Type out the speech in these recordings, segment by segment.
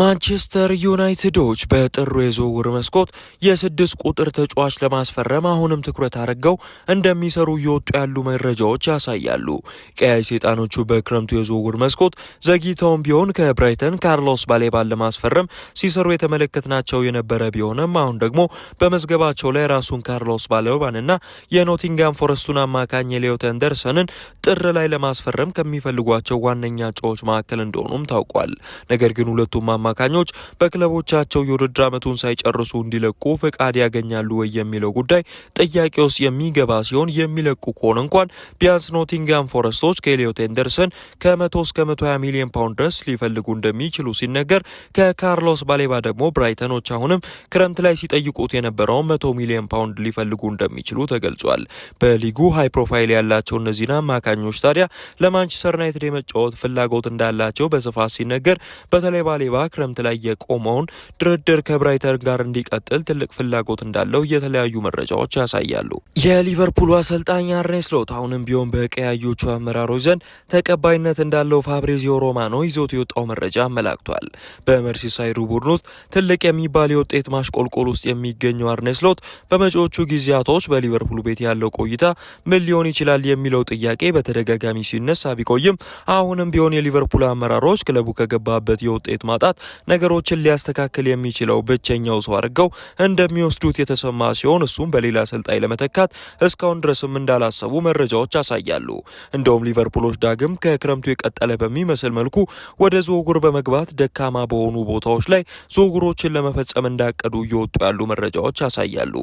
ማንቸስተር ዩናይትዶች በጥሩ የዝውውር መስኮት የስድስት ቁጥር ተጫዋች ለማስፈረም አሁንም ትኩረት አድርገው እንደሚሰሩ እየወጡ ያሉ መረጃዎች ያሳያሉ። ቀያይ ሰይጣኖቹ በክረምቱ የዝውውር መስኮት ዘግይተውም ቢሆን ከብራይተን ካርሎስ ባሌባን ለማስፈረም ሲሰሩ የተመለከትናቸው የነበረ ቢሆንም አሁን ደግሞ በመዝገባቸው ላይ ራሱን ካርሎስ ባሌባንና የኖቲንጋም ፎረስቱን አማካኝ ሌዮት አንደርሰንን ጥር ላይ ለማስፈረም ከሚፈልጓቸው ዋነኛ እጩዎች መካከል እንደሆኑም ታውቋል። ነገር ግን ሁለቱም አማካኞች በክለቦቻቸው የውድድር ዓመቱን ሳይጨርሱ እንዲለቁ ፈቃድ ያገኛሉ ወይ የሚለው ጉዳይ ጥያቄ ውስጥ የሚገባ ሲሆን የሚለቁ ከሆነ እንኳን ቢያንስ ኖቲንጋም ፎረስቶች ከኤሊዮት ኤንደርሰን ከ100 እስከ 120 ሚሊዮን ፓውንድ ድረስ ሊፈልጉ እንደሚችሉ ሲነገር፣ ከካርሎስ ባሌባ ደግሞ ብራይተኖች አሁንም ክረምት ላይ ሲጠይቁት የነበረውን 100 ሚሊዮን ፓውንድ ሊፈልጉ እንደሚችሉ ተገልጿል። በሊጉ ሃይ ፕሮፋይል ያላቸው እነዚህን አማካኞች ታዲያ ለማንቸስተር ዩናይትድ የመጫወት ፍላጎት እንዳላቸው በስፋት ሲነገር፣ በተለይ ባሌባ ክረምት ላይ የቆመውን ድርድር ከብራይተን ጋር እንዲቀጥል ትልቅ ፍላጎት እንዳለው የተለያዩ መረጃዎች ያሳያሉ። የሊቨርፑሉ አሰልጣኝ አርኔ ስሎት አሁንም ቢሆን በቀያዮቹ አመራሮች ዘንድ ተቀባይነት እንዳለው ፋብሪዚዮ ሮማኖ ይዞት የወጣው መረጃ አመላክቷል። በመርሲሳይዱ ቡድን ውስጥ ትልቅ የሚባል የውጤት ማሽቆልቆል ውስጥ የሚገኘው አርኔ ስሎት በመጪዎቹ ጊዜያቶች በሊቨርፑል ቤት ያለው ቆይታ ምን ሊሆን ይችላል የሚለው ጥያቄ በተደጋጋሚ ሲነሳ ቢቆይም አሁንም ቢሆን የሊቨርፑል አመራሮች ክለቡ ከገባበት የውጤት ማጣት በመስማት ነገሮችን ሊያስተካክል የሚችለው ብቸኛው ሰው አድርገው እንደሚወስዱት የተሰማ ሲሆን እሱም በሌላ አሰልጣኝ ለመተካት እስካሁን ድረስም እንዳላሰቡ መረጃዎች ያሳያሉ። እንደውም ሊቨርፑሎች ዳግም ከክረምቱ የቀጠለ በሚመስል መልኩ ወደ ዝውውር በመግባት ደካማ በሆኑ ቦታዎች ላይ ዝውውሮችን ለመፈጸም እንዳቀዱ እየወጡ ያሉ መረጃዎች ያሳያሉ።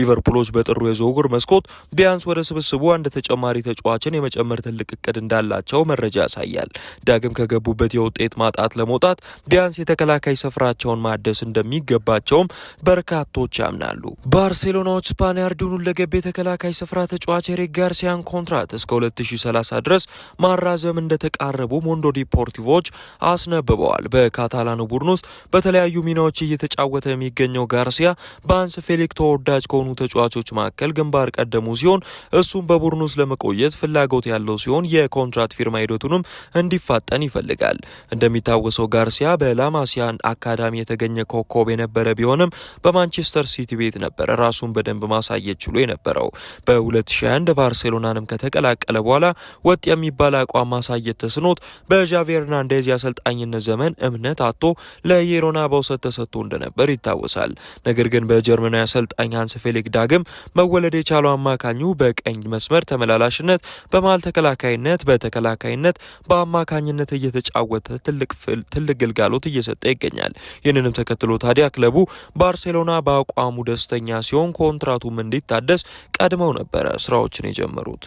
ሊቨርፑሎች በጥሩ የዝውውር መስኮት ቢያንስ ወደ ስብስቡ አንድ ተጨማሪ ተጫዋችን የመጨመር ትልቅ እቅድ እንዳላቸው መረጃ ያሳያል። ዳግም ከገቡበት የውጤት ማጣት ለመውጣት ቢያንስ የተከላካይ ስፍራቸውን ማደስ እንደሚገባቸውም በርካቶች ያምናሉ። ባርሴሎናዎች ስፓኒያርዱን ለገብ የተከላካይ ስፍራ ተጫዋች ኤሪክ ጋርሲያን ኮንትራት እስከ 2030 ድረስ ማራዘም እንደተቃረቡ ሞንዶ ዲፖርቲቮች አስነብበዋል። በካታላኑ ቡድን ውስጥ በተለያዩ ሚናዎች እየተጫወተ የሚገኘው ጋርሲያ በአንስ ፌሊክ ተወዳጅ ከሆኑ ተጫዋቾች መካከል ግንባር ቀደሙ ሲሆን እሱም በቡድን ውስጥ ለመቆየት ፍላጎት ያለው ሲሆን የኮንትራት ፊርማ ሂደቱንም እንዲፋጠን ይፈልጋል። እንደሚታወሰው ጋርሲያ በላ ከዳማሲያን አካዳሚ የተገኘ ኮከብ የነበረ ቢሆንም በማንቸስተር ሲቲ ቤት ነበረ ራሱን በደንብ ማሳየት ችሎ የነበረው። በ2021 ባርሴሎናንም ከተቀላቀለ በኋላ ወጥ የሚባል አቋም ማሳየት ተስኖት በዣቪ ሄርናንዴዝ የአሰልጣኝነት ዘመን እምነት አቶ ለየሮና በውሰት ተሰጥቶ እንደነበር ይታወሳል። ነገር ግን በጀርመናዊ አሰልጣኝ ሀንስ ፌሊክ ዳግም መወለድ የቻለው አማካኙ በቀኝ መስመር ተመላላሽነት፣ በመሃል ተከላካይነት፣ በተከላካይነት፣ በአማካኝነት እየተጫወተ ትልቅ ግልጋሎት እየሰጠ ይገኛል። ይህንንም ተከትሎ ታዲያ ክለቡ ባርሴሎና በአቋሙ ደስተኛ ሲሆን ኮንትራቱም እንዲታደስ ቀድመው ነበረ ስራዎችን የጀመሩት።